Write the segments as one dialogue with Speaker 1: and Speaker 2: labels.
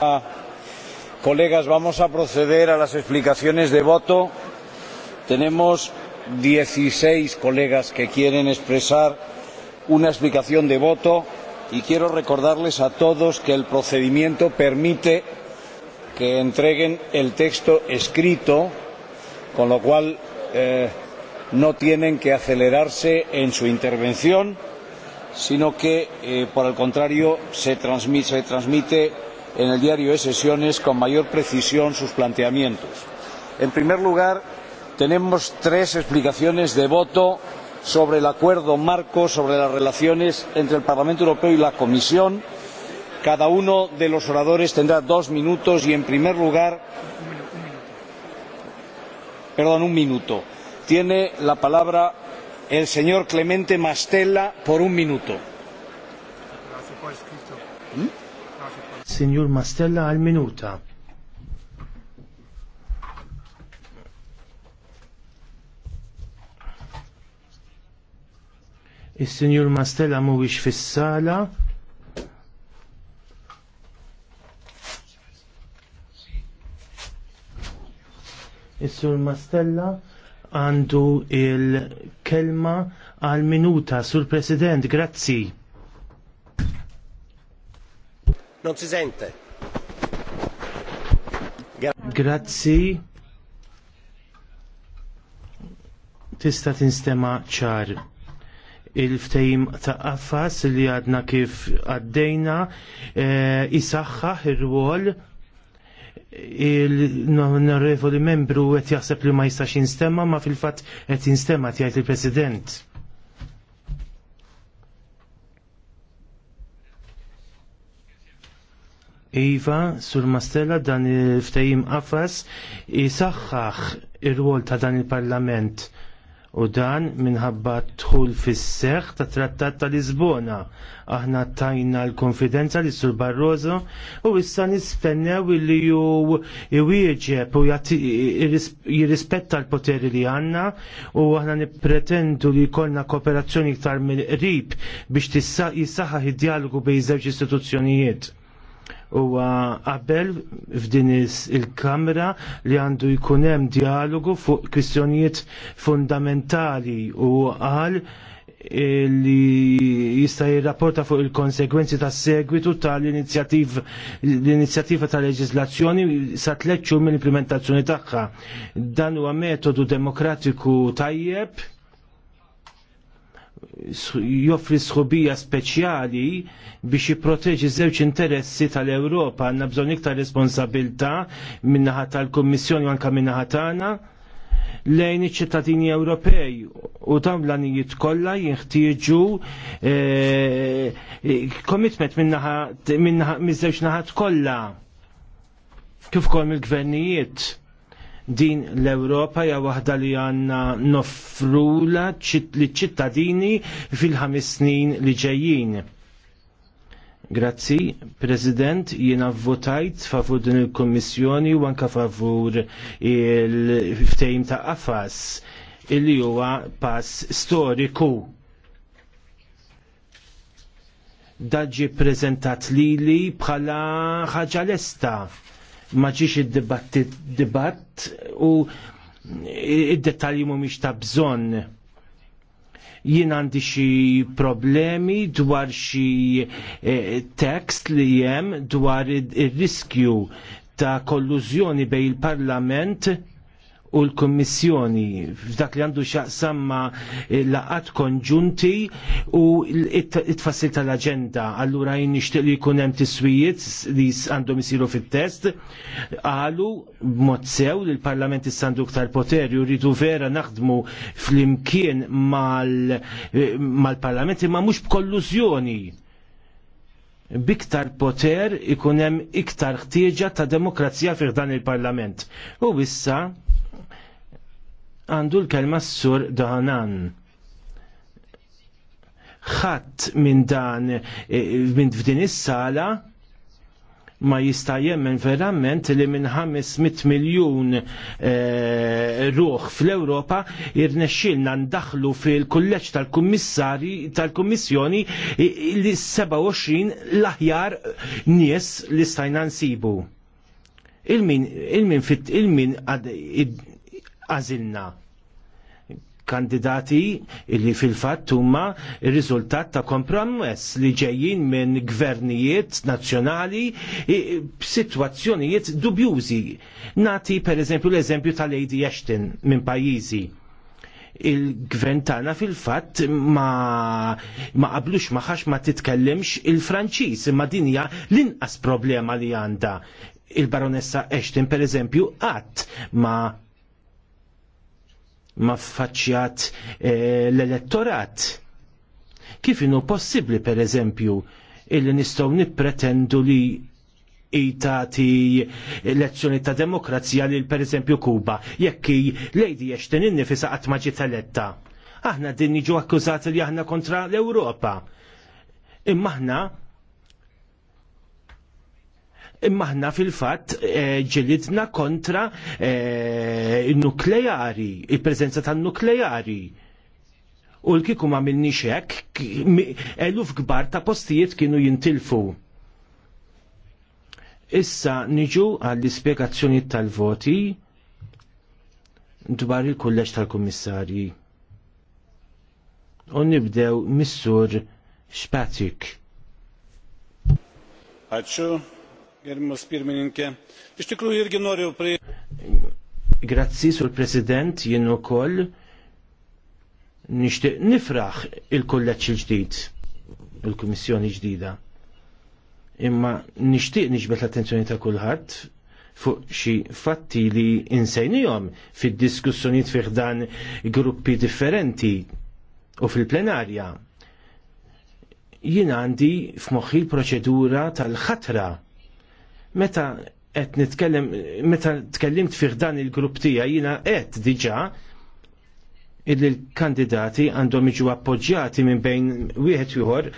Speaker 1: Ah, colegas, vamos a proceder a las explicaciones de voto. Tenemos 16 colegas que quieren expresar una explicación de voto y quiero recordarles a todos que el procedimiento permite que entreguen el texto escrito, con lo cual eh, no tienen que acelerarse en su intervención, sino que, eh, por el contrario, se transmite, se transmite en el diario de sesiones con mayor precisión sus planteamientos. En primer lugar, tenemos tres explicaciones de voto sobre el acuerdo marco sobre las relaciones entre el Parlamento Europeo y la Comisión. Cada uno de los oradores tendrá dos minutos y, en primer lugar, perdón, un minuto. Tiene la palabra el señor Clemente Mastella por un minuto.
Speaker 2: ¿Mm?
Speaker 3: Sinjur Mastella għal minuta. Is-Sinjur Mastella mhuwiex fis-sala. Is-Sur Mastella għandu il-kelma għal minuta, Sur President, grazzi non si sente. Gra Grazzi. Tista tinstema ċar il-ftejim ta' qafas li għadna kif għaddejna e, eh, jisaxħaħ ir-rwol il-onorevoli membru għet jaħseb li ma jistax jinstema ma fil-fat għet jinstema tjajt il-president. Iva, sur Mastella dan il-ftajim qafas jisaxħax ir-rwol ta' dan il-parlament u dan minħabba tħul fis-seħ ta' trattat ta' Lisbona. Aħna tajna l-konfidenza li sur Barroso u issa nispennew illi ju iwieġeb u jirrispetta l-poteri li għanna u aħna nipretendu li jkollna kooperazzjoni iktar mill-qrib biex jissaħħaħ id-dialogu bejn żewġ istituzzjonijiet huwa qabel f'din il-Kamra li għandu jkun hemm dialogu fuq kwistjonijiet fundamentali u qal eh, li jista' jirrapporta fuq il-konsekwenzi tas segwitu tal inizjativa ta' leġislazzjoni sa tletxu mill-implementazzjoni tagħha. Dan huwa metodu demokratiku tajjeb joffri sħubija speċjali biex jipproteġi żewġ interessi tal-Ewropa għandna bżonn iktar responsabilità min-naħa tal-Kummissjoni u anke min-naħa tagħna lejn iċ-ċittadini Ewropej u dawn l-għanijiet kollha jinħtieġu eh, commitment minnaħa naħa żewġ naħat kollha kif ukoll mill-gvernijiet din l-Europa ja waħda li għanna nofrula li ċittadini fil-ħamis snin li ġejjin. Grazzi, President, jiena votajt favur din il-Kommissjoni u anka favur il-ftejm ta' qafas illi huwa pass storiku daġi prezentat li li bħala ħaġa lesta maġiġ id-dibatt u id-detalji mhumiex ta' bżonn. Jien għandi xi problemi dwar xi eh, tekst li hemm dwar ir-riskju ta' kollużjoni bejn il-Parlament u l-Kommissjoni f'dak li għandu xaqsamma laqat konġunti u it-tfassil tal-agenda. Allura jien nixtieq li jkun hemm tiswijiet li għandhom isiru fit-test. Qalu mod sew li l-Parlament issandu ktar poteri u rridu vera naħdmu fl-imkien mal-Parlament imma mhux b'kollużjoni biktar poter ikun hemm iktar ħtieġa ta' demokrazija fih dan il-Parlament. U issa għandu l-kelma s-sur daħanan ħadd minn dan eh, minn f'din is-sala ma jista' jemmen verament li minn 500 miljun eh, ruħ fl-Ewropa irnexxilna ndaħlu fil-kulleġġ tal-kummissari tal-Kummissjoni li 27 l-aħjar nies li stajna nsibu. Il-min il-min fit il-min għażilna kandidati illi fil-fatt huma ir-riżultat ta' kompromess li ġejjin minn gvernijiet nazzjonali b'sitwazzjonijiet dubjużi. Nati per eżempju l-eżempju ta' Lady Ashton minn pajjiżi il-gvern tagħna fil-fatt ma ma qablux maħax ma titkellimx il-Franċiż imma din hija l-inqas problema li għandha il-baronessa Ashton per eżempju qatt ma ma faċċjat eh, l-elettorat. Kif inu possibli, per eżempju, illi nistgħu nippretendu li itati elezzjoni ta' demokrazija li per eżempju Kuba, jekk lejdi jeshten innifisa qatt ma eletta. Aħna din ġu akkużati li aħna kontra l-Ewropa. Imma aħna imma fil-fatt eh, ġilidna kontra eh, nukleari, il-preżenza tan-nukleari. U l kikum għamilni xek, eluf kbar ta' postijiet kienu jintilfu. Issa niġu għall-ispiegazzjoni tal-voti dwar il-kulleġ tal kommissari U nibdew missur Spatik. Għadxu, Grazzi sul President jien ukoll nixtieq nifraħ il-kolleġġ il-ġdid, il-Kummissjoni ġdida. Imma nixtieq niġbed l-attenzjoni ta' kulħadd fuq xi fatti li insejnijhom fid-diskussjonijiet fih dan gruppi differenti u fil-plenarja jien għandi f'moħħi l-proċedura tal-ħatra Meta qed nitkellem meta tkellimt fih dan il-grupp tiegħi jiena qed diġà illi l-kandidati għandhom iġu appoġġjati minn bejn wieħed ieħor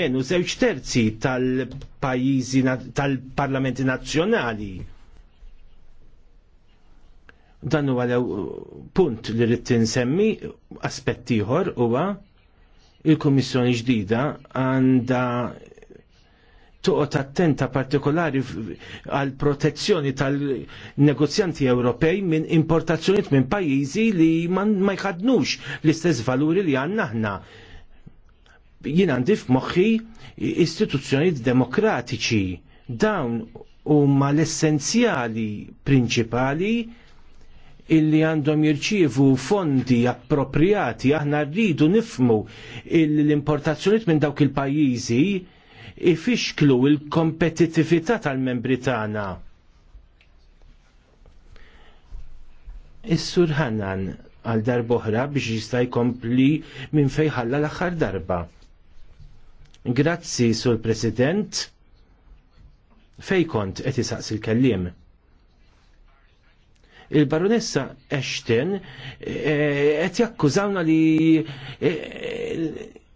Speaker 3: menu żewġ terzi tal-pajjiżi tal-parlamenti nazzjonali. Dan huwa punt li rrid tinsemmi aspett ieħor huwa il-Kummissjoni ġdida għandha toqgħod attenta partikolari għal protezzjoni tal-negozjanti Ewropej minn importazzjoni minn pajjiżi li man, ma jħadnux l-istess valuri li għanna ħna. Jien għandi f'moħħi istituzzjonijiet demokratiċi dawn huma l-essenzjali prinċipali illi għandhom jirċievu fondi appropriati aħna rridu nifmu l-importazzjoniet minn dawk il-pajjiżi ifixklu il-kompetitività tal-membri tagħna. Is-Sur Hanan għal darboħra biex jista' jkompli minn fejn ħalla l-aħħar darba. Grazzi, Sur President. Fej kont qed isaqs il-kelliem. Il-baronessa Ashton eh, qed jakkużawna li eh,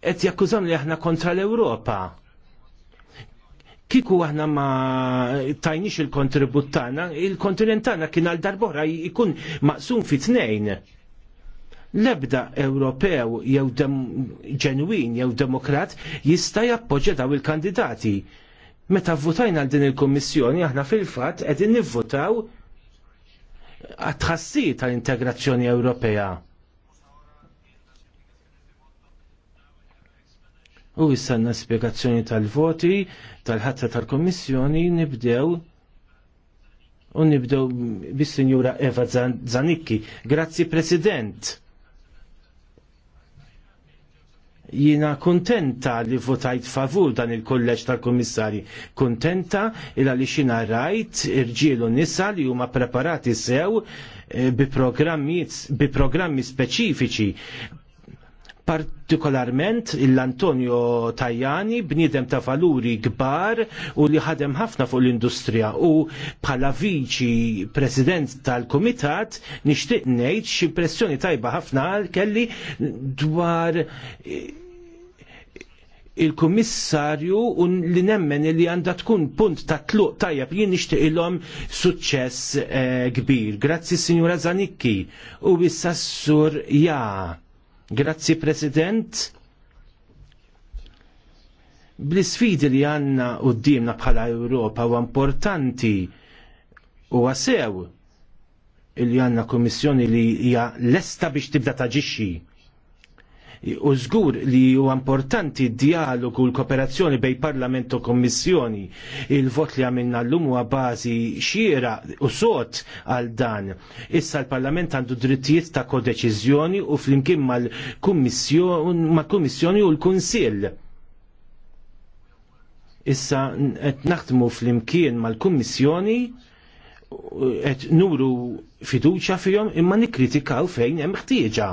Speaker 3: qed jakkużawna li aħna kontra l-Ewropa kiku aħna ma tajnix il-kontribut tagħna, il-kontinent tagħna kien għal darbora jkun maqsum fi tnejn. L-ebda Ewropew jew ġenwin jew demokrat jista' jappoġġa daw il-kandidati. Meta vvutajna għal din il-Kommissjoni aħna fil-fatt qegħdin nivvotaw għat tħassi tal-integrazzjoni Ewropea U jissanna spiegazzjoni tal-voti, tal-ħatta tal-Komissjoni nibdew u nibdew bis-Sinjura Eva Zanikki. Grazzi President. Jina kontenta li votajt favur dan il-kolleġ tal-Komissari. Kontenta il li xina rajt irġielu nisa li huma preparati sew eh, bi programmi speċifiċi partikolarment l-Antonio Tajani bniedem ta' valuri kbar u li ħadem ħafna fuq l-industrija u bħala viċi president tal-komitat nixtieq ngħid xi pressjoni tajba ħafna kelli dwar il-kummissarju u li nemmen li għandha tkun punt ta' tluq tajjeb jien nixtieq ilhom suċċess eh, kbir. Grazzi Sinjura Zanikki u issa sur ja Grazzi President. Bl-sfidi li għanna u d-dimna bħala Ewropa u importanti u għasew il-li għanna komissjoni li hija lesta biex tibda taġixxi u żgur li huwa importanti d-dialogu u l-kooperazzjoni bej Parlament u Kommissjoni. Il-vot li għamilna llum huwa bażi xiera u sot għal dan. Issa l-Parlament għandu drittijiet ta' kodeċiżjoni u flimkien mal-Kummissjoni u l-Kunsill. Issa qed naħdmu flimkien mal-Kummissjoni qed nuru fiduċa fihom imma nikkritikaw fejn hemm ħtieġa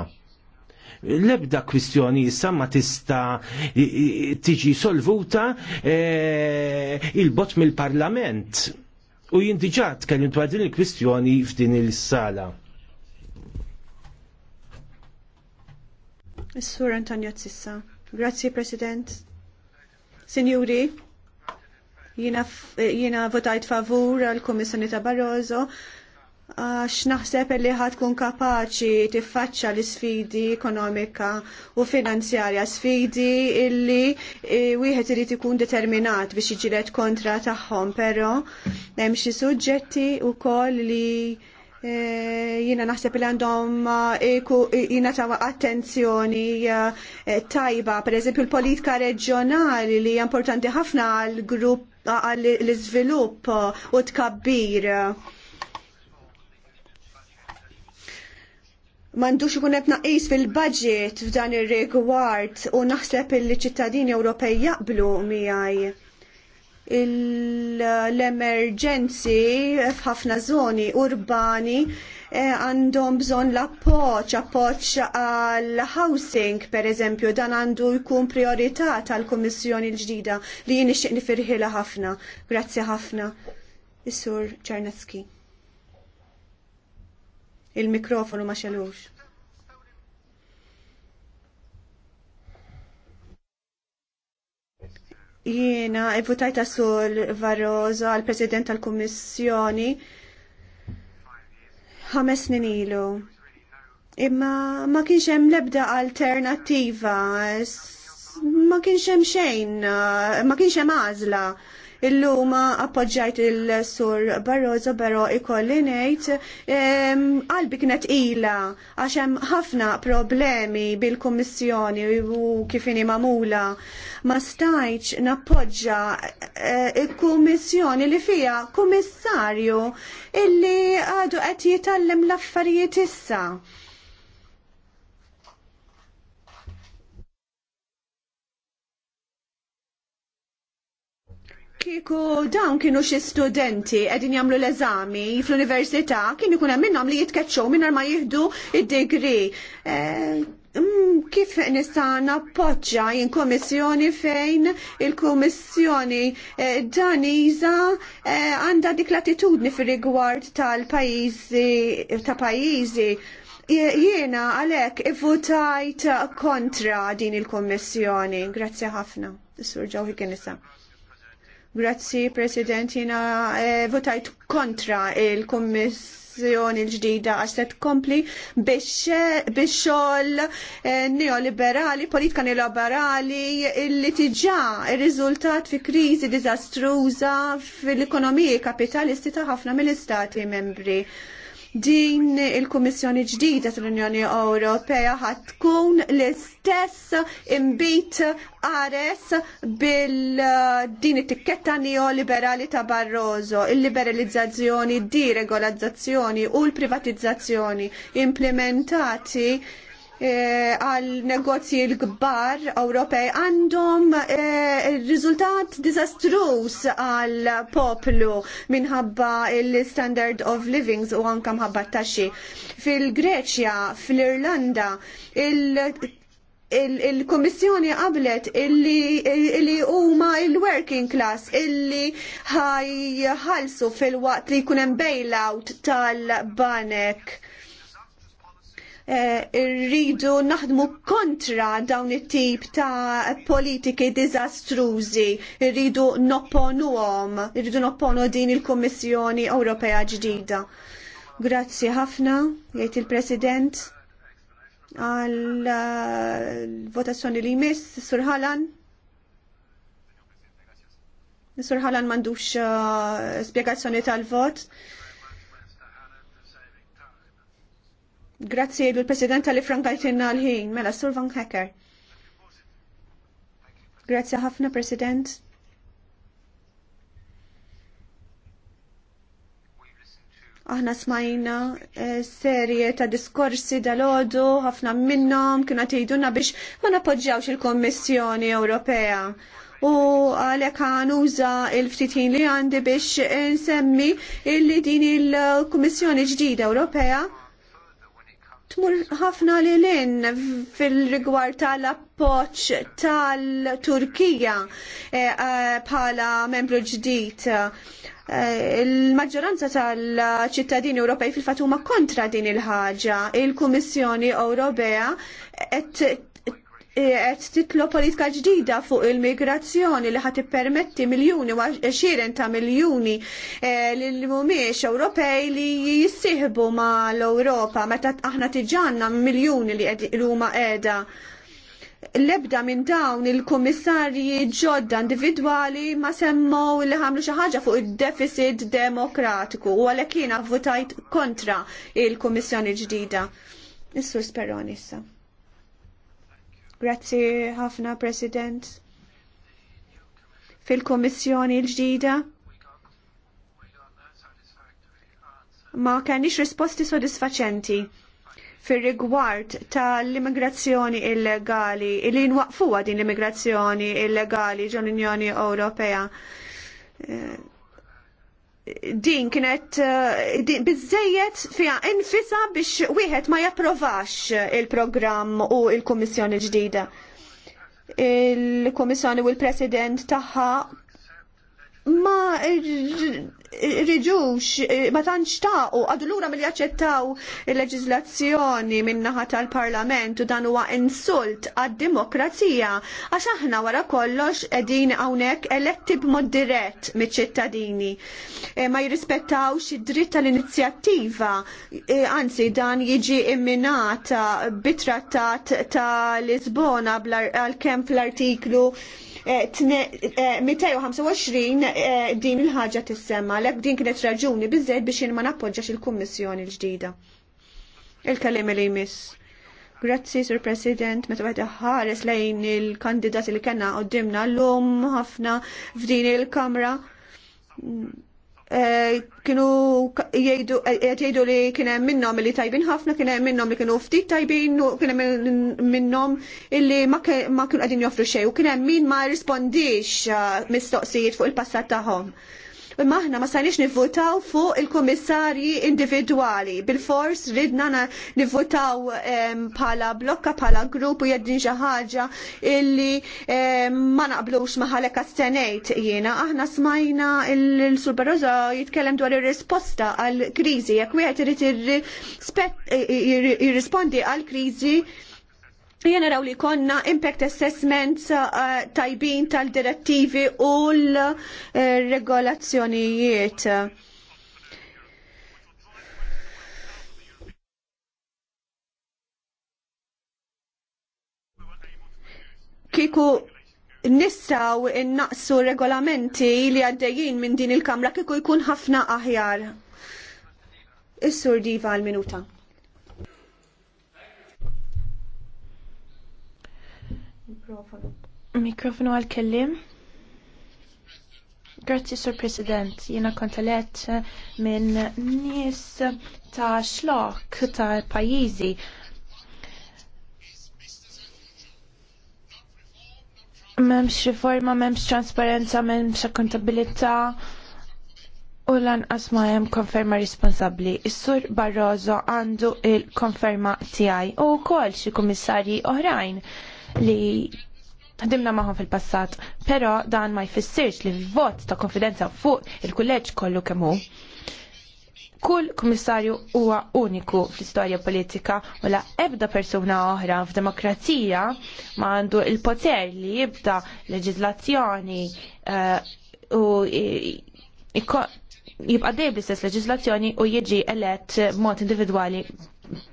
Speaker 3: l-ebda kwistjoni issa ma tista tiġi solvuta e, il-bot mill-parlament. U jindiġat kellim dwar din il-kwistjoni f'din il-sala.
Speaker 2: Is-sur Antonio Zissa. Grazzi, President. Sinjuri, jina, eh, jina votajt favur għal-Komissjoni ta' Barroso għax naħseb li ħatkun kapaċi tiffaċċa l-sfidi ekonomika u finanzjarja, sfidi illi e, wieħed irid ikun determinat biex jiġilet kontra tagħhom, però hemm xi suġġetti wkoll li e, jina naħseb li għandhom e, jina tawa attenzjoni tajba, per eżempju l-politika reġjonali li importanti ħafna għal-grupp għall-izvilupp u tkabbir. mandux ikun qed naqis fil-budget f'dan ir-rigward u naħseb il-ċittadini Ewropej jaqblu miegħi l-emerġenzi f'ħafna zoni urbani eh, għandhom bżonn bżon l-appoċ, appoċ għal-housing, per eżempju, dan għandu jkun priorità tal-Komissjoni l-ġdida li jien nixtieq nifirħila ħafna. Grazzi ħafna. Is-Sur Il-mikrofonu ma xelux. Jiena votajta sul Varroza għal president tal-Kummissjoni ħames snin ilu. Imma ma kienx hemm l-ebda alternattiva, ma kienx hemm xejn, ma kienx hemm għażla Illum appoġġajt il-sur Barroso però ikolli ngħid qalbi kienet ila għax hemm ħafna problemi bil-Kummissjoni u kif inhi Ma stajtx nappoġġa eh, il-Kummissjoni li fija kummissarju illi għadu qed jitallem l-affarijiet issa. Kiku dawn kienu xi studenti qegħdin jagħmlu l-eżami fl-università kien ikun hemm minnhom li jitkeċċew mingħajr ma jieħdu id-degree. Eh, mm, kif nista' nappoġġa jien kummissjoni fejn il-kummissjoni eh, Daniża eh, għandha dik l-attitudni fir-rigward tal-pajjiżi ta' pajjiżi jiena għalhekk ivvutajt kontra din il-kummissjoni. Grazzi ħafna. Is-Sur Ġawħi kien issa. Grazzi, President, jina eh, votajt kontra il-Kommissjoni l-ġdida għax se tkompli biex xogħol eh, neoliberali, politika neoliberali li tiġa il riżultat fi kriżi diżastruża fil-ekonomiji kapitalisti ta' ħafna mill-istati membri din il-Kummissjoni ġdida tal-Unjoni Ewropea ħad tkun l-istess imbit ares bil uh, din it-tikketta neoliberali ta' Barroso, il-liberalizzazzjoni, deregolazzazzjoni u l-privatizzazzjoni implementati Eh, għal negozji l-kbar Ewropej għandhom eh, riżultat dizastrus għal poplu minħabba l-standard of living u anka mħabba taxxi. Fil-Greċja, fil-Irlanda, il- il-Komissjoni il qablet illi, illi huma il-working class illi ħajħalsu fil-waqt li jkun hemm bailout tal-banek. Eh, rridu naħdmu kontra dawn it-tip ta' politiki dizastrużi, rridu nopponuhom, rridu nopponu din il-Kummissjoni Ewropea ġdida. Grazzi ħafna, jgħid il-President għal eh, votazzjoni li jmiss, Sur Ħalan. Sur Ħalan mandux eh, spiegazzjoni tal-vot. Grazzi l-President tal frankajtina l-ħin, mela Sulvan Hecker. Hacker. Grazzi ħafna, President. Aħna smajna eh, serje ta' diskorsi dal-ħodu, ħafna minnom kienu tijduna biex ma napoġġawx il-Kommissjoni Ewropea. U għalek uża il-ftitin li għandi biex eh, nsemmi illi din il-Kommissjoni ġdida Ewropea tmur ħafna li lin fil-rigward tal-appoċ tal-Turkija eh, eh, bħala membru ġdid. Eh, il-maġġoranza tal-ċittadini Ewropej fil-fatuma kontra din il-ħaġa. Il-Kummissjoni Ewropea qed qed titlo politika ġdida fuq il-migrazzjoni li ħat permetti miljuni wa xiren ta' miljuni eh, li mhumiex Ewropej li jissieħbu ma' l-Ewropa meta aħna tiġanna miljuni li huma qiegħda l-ebda minn dawn il kummissarji ġodda individwali ma semmow li ħamlu xi ħaġa fuq id-deficit demokratiku u għalhekk jiena votajt kontra il-Kummissjoni ġdida. Is-Sur Speroni issa. Grazzi ħafna, President. Fil-Komissjoni l-ġdida ma kenniex risposti sodisfaċenti fil-rigward tal-immigrazzjoni illegali, li nwaqfuwa din l-immigrazzjoni illegali ġol-Unjoni Ewropea. Eh, din kienet eh, din bizzejiet fija infisa biex wieħed ma japprovax il-programm u il-Kummissjoni ġdida. Il-Kummissjoni u l-President tagħha ma rriġux, ma tantx taqu, għadu l-ura mill jaċċettaw il-leġizlazzjoni minnaħa tal-parlament u dan huwa insult għad-demokrazija, għax aħna wara kollox edin hawnhekk eletti b'mod dirett miċ-ċittadini. E, ma jirrispettawx id-dritt tal-inizjattiva, e, anzi dan jiġi imminata bitrattat ta' Lisbona għal-kem fl-artiklu 225 eh, eh, eh, din il-ħaġa tissemma għalhekk din kienet raġuni biżżejjed biex jien ma nappoġġax il-kummissjoni l-ġdida. Il-kalim li jmiss. Grazzi, Sir President, meta għed ħares lejn il-kandidat li kena għoddimna l-lum ħafna f'din il-kamra. Eh, kienu eh, jgħidu li kienem minnom li tajbin ħafna, kienem minnom li kienu ftit tajbin, u kienem minnom illi ma kienu għadin joffru xej, u kienem min ma rispondix eh, mistoqsijiet fuq il-passat taħom imma aħna ma sarniex nivvotaw fuq il-kummissarji individwali. Bil-fors ridna nivvotaw bħala blokka bħala grupp u jeddin xi ħaġa illi ma naqblux maħalek stenejt jiena. Aħna smajna il-Sur jitkellem dwar ir-risposta għal-kriżi jekk wieħed irid jirrispondi għal-kriżi jena raw li konna impact assessments uh, tajbin tal-direttivi u l-regolazzjonijiet. Kiku nistaw innaqsu regolamenti li għaddejjin minn din il-kamra kiku jkun ħafna aħjar. Is-sur diva għal-minuta.
Speaker 4: Mikrofonu. għal-kellim. Grazzi, Sur President. Jena kontalet eh, minn nis ta' xlok ta' pajizi. Memx riforma, memx transparenza, memx akkontabilità u lanqas ma hemm konferma responsabbli. Is-Sur Barroso għandu il-konferma tiegħi u wkoll xi kummissarji oħrajn li ħdimna maħħom fil-passat, pero dan ma jfissirx li vot ta' konfidenza fuq il-kulleġġ kollu kemmu. Kull komissarju huwa uniku fl-istorja politika u la ebda persuna oħra f'demokrazija ma għandu il-poter li jibda leġizlazzjoni eh, u jibqa' dejjem l-istess leġizlazzjoni u jiġi elett mod individwali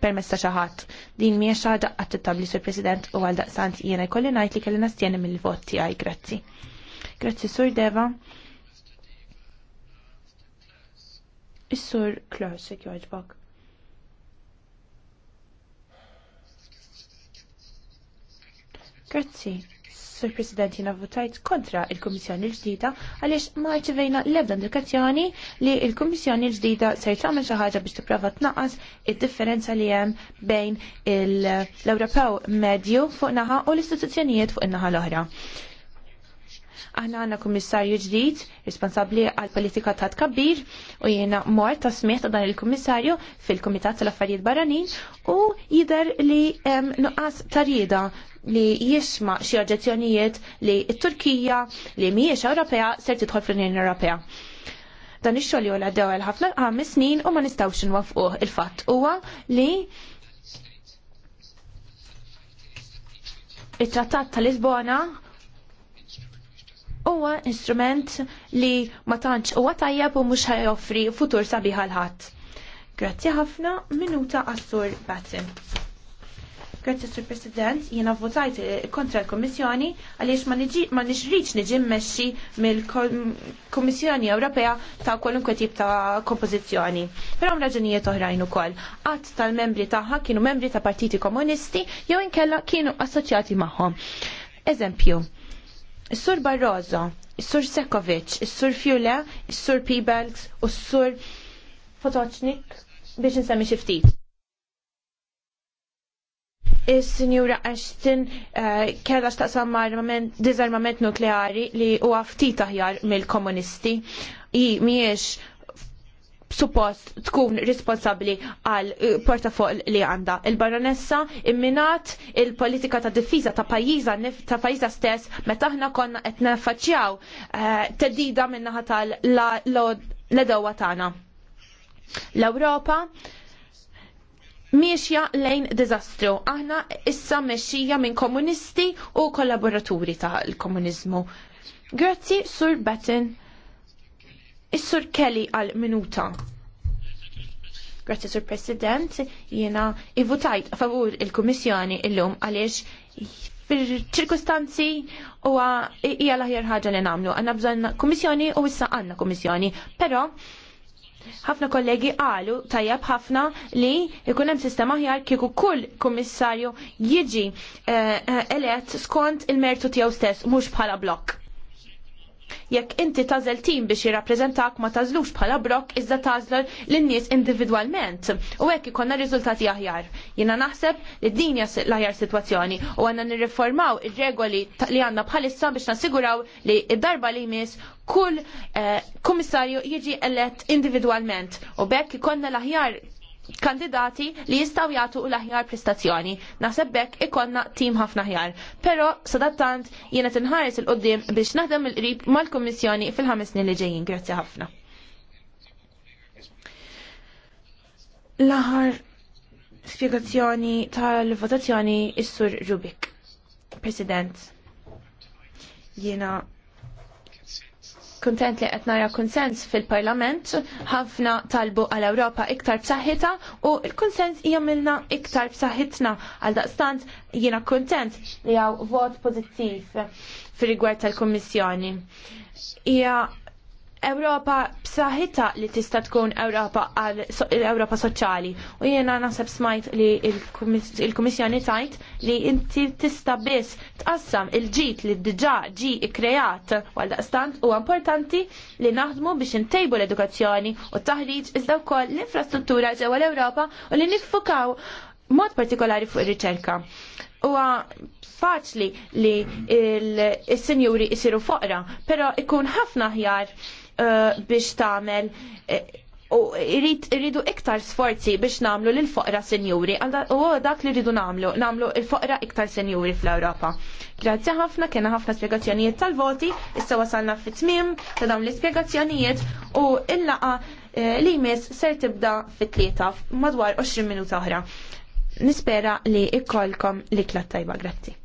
Speaker 4: permessa ta' Din ħadd. Din mhija xi ħaġa sur President u għal daqsant jiena jkolli ngħid li kellina stjeni mill votti għaj, Grazzi. Grazzi Sur Deva. Is-Sur Klaus jekk jogħġbok. Grazzi. Sur President jina votajt kontra il-Komissjoni l-ġdida għaliex ma ċivejna l-ebda indikazzjoni li il-Komissjoni l-ġdida se tagħmel xi ħaġa biex tipprova tnaqqas id-differenza li hemm bejn l-Ewropew medju fuq naħa u l-istituzzjonijiet fuq in-naħa l-oħra. Aħna għanna kummissarju ġdid, responsabli għal politika ta' tkabbir, u jena mor ta' smiet dan il-kummissarju fil-Komitat tal-Affarijiet Barranin u jider li nuqqas tarjida li jisma xi oġġezzjonijiet li t-Turkija li mhijiex Ewropea ser tidħol fl-Unjoni Ewropea. Dan ix-xogħol jola dew għal ħafna ħames snin u ma nistgħux nwafquh il-fatt huwa li it-Trattat ta' Lisbona huwa instrument li ma tantx huwa tajjeb u mhux ħajoffri futur sabiħ għal ħadd. Grazzi ħafna, minuta għas-sur Batin. Grazzi sur President, jiena votajt kontra l-Kommissjoni għaliex ma nix nixriċ niġi mmexxi mill-Kommissjoni Ewropea ta' kwalunkwe tip ta' kompożizzjoni. Però raġunijiet oħrajn ukoll. Qatt tal-membri tagħha kienu membri ta' partiti komunisti jew inkella kienu assoċjati magħhom. Eżempju, Is-Sur Barroso, Is-Sur Sekovic, Is-Sur Fjule, Is-Sur Pibels u Is-Sur Fotocnik biex nsemmi xi ftit. Is-Sinjura Ashton eh, kellha x'taqsam diżarmament nukleari li huwa ftit aħjar mill-komunisti. I miex suppost tkun responsabli għal eh, portafol li għanda. Il-baronessa imminat il-politika ta' diffiża ta' pajiza ta' pajjiża stess metaħna konna qed nefaċċjaw eh, teddida minnaħa tal-ledowa tagħna. L-Ewropa miexja lejn dizastru. Aħna issa mexxija minn komunisti u kollaboraturi tal-komunizmu. Grazzi, Sur Batten. Is-Sur Kelly għal minuta. Grazie, Sur President. Jena ivvutajt favur il-Kummissjoni lum għaliex fil-ċirkustanzi u hija l-aħjar ħaġa li nagħmlu. Għandna bżonn kommissjoni u issa għandna kommissjoni. Però ħafna kollegi qalu tajjeb ħafna li jkun hemm sistema aħjar kieku kull kummissarju jiġi eh, eh, elett skont il-mertu tiegħu stess mhux bħala blok. Jekk inti tażel tim biex jirrappreżentak ma tażlux bħala brok iżda tażlar lin-nies individwalment u hekk ikonna riżultati aħjar. Jiena naħseb li din hija l-aħjar sitwazzjoni u għandna nirriformaw ir-regoli li għandna bħalissa biex nassiguraw li id-darba li jmiss kull eh, kummissarju jiġi elett individwalment u bekk ikonna l-aħjar kandidati li jistaw jagħtu l-aħjar prestazzjoni. Naħseb ikonna tim ħafna ħjar, Però sadattant jiena tinħares il qudiem biex naħdem il-qrib mal-Kummissjoni fil-ħames snin li ġejjin. Grazzi ħafna. L-aħħar spjegazzjoni tal-votazzjoni is-Sur Rubik. President, jiena kontent li qed nara konsens fil-Parlament, ħafna talbu għal Ewropa iktar b'saħħitha u l-konsens hija milna iktar b'saħħitna għal daqstant jiena kontent li hawn vot pożittiv fir-rigward tal-Kummissjoni. Hija Ewropa b'saħħitha li tista' tkun Ewropa għal Ewropa soċjali u jiena naħseb smajt li l kummissjoni tajt li inti tista' biss tqassam il-ġid li diġà ġi ikkreat għal daqstant u importanti li naħdmu biex intejbu l-edukazzjoni u taħriġ iżda wkoll l-infrastruttura ġewwa l-Ewropa u li niffukaw mod partikolari fuq ir-riċerka. Huwa faċli li il-sinjuri isiru foqra, però ikun ħafna ħjar Eh, biex tagħmel eh, u rridu iktar sforzi biex namlu l foqra senjuri u dak li rridu namlu namlu l foqra iktar senjuri fl-Ewropa. Grazzi ħafna kena ħafna spiegazzjonijiet tal-voti, issa wasalna fit-tmim ta' dawn l-spiegazzjonijiet u il-laqa eh, li jmiss ser tibda fit-tlieta madwar 20 minuta oħra. Nispera li ikkolkom li klat tajba, grazzi.